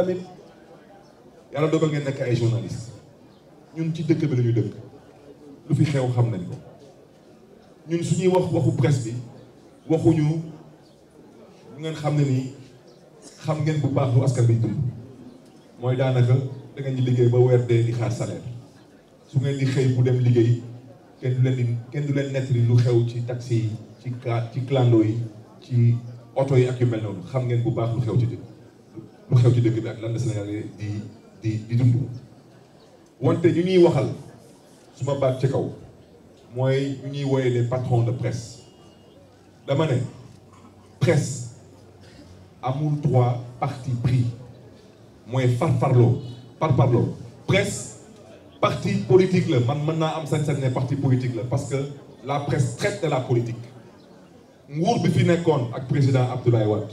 tamit yàlla dogal ngeen nekk ay journaliste ñun ci dëkk bi la ñu dëkk lu fi xew xam nañ ko ñun suñuy wax waxu presse bi waxuñu ñu ngeen xam ne nii xam ngeen bu baax lu askan bi dund da ngeen di liggéey ba weer dee di xaar salaire su ngeen di xëy bu dem liggéey kenn du leen kenn du leen nettali lu xew ci taxi ci ci clando yi ci oto yi ak yu mel xam ngeen bu baax lu xew ci lu xew ci dëkk bi ak lan la Sénégalais di di di dund wante ñu ñuy waxal suma baat ci kaw mooy ñu ñuy woowee les patrons de presse dama ne presse amul droit parti pris mooy farfarloo farfarloo presse parti politique la man mën naa am sañ-sañ ne parti politique la parce que la presse traite de la politique nguur bi fi nekkoon ak président Abdoulaye Wade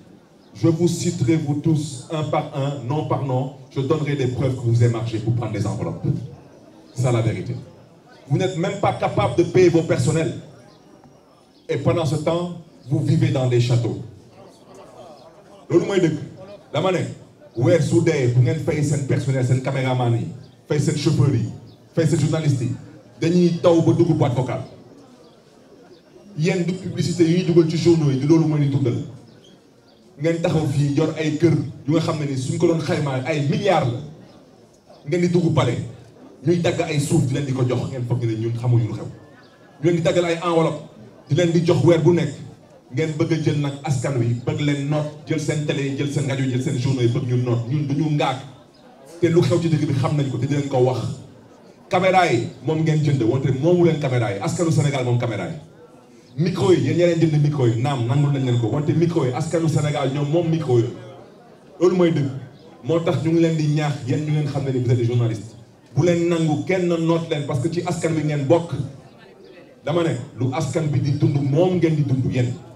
Je vous citerai vous tous un par un, nom par nom. Je donnerai des preuves que vous avez marché pour prendre des enveloppes. C'est la vérité. Vous n'êtes même pas capable de payer vos personnels. Et pendant ce temps, vous vivez dans des châteaux. Vous mooy dëgg dama ne weer su dee des ce fay personnel ses caméraman fait cette seen fait yi journaliste. seen journalistes yi dañuy taw ba dugg Il y a du publicité yi y a ci journaux yi di loolu ni ngeen taxaw fii jot ay kër yu nga xam ne ni suñ ko doon xaymaa ay milliards la ngeen di dugg palais ñuy dagg ay suuf di leen di ko jox ngeen foog ne ñun xamuñu lu xew ñu leen di daggal ay enveloppe di leen di jox weer bu nekk ngeen bëgg jël nag askan wi bëgg leen noot jël seen télé jël seen rajo jël seen journaux yi bëgg ñu noot ñun du ñu ngaak te lu xew ci dëgg bi xam nañ ko te di leen ko wax caméra yi moom ngeen jënd wante moomu leen caméra yi askanu Sénégal moom caméra micro yi yéen yéen jënd micro yi naam nangul nañ leen ko wante micro yi askanu Sénégal ñoom moom micro yi loolu mooy dëgg moo tax ñu ngi leen di ñaax yéen ñu ngeen xam ne ni vous êtes des journalistes bu leen nangu kenn noot leen parce que ci askan bi ngeen bokk dama ne lu askan bi di dund moom ngeen di dund yéen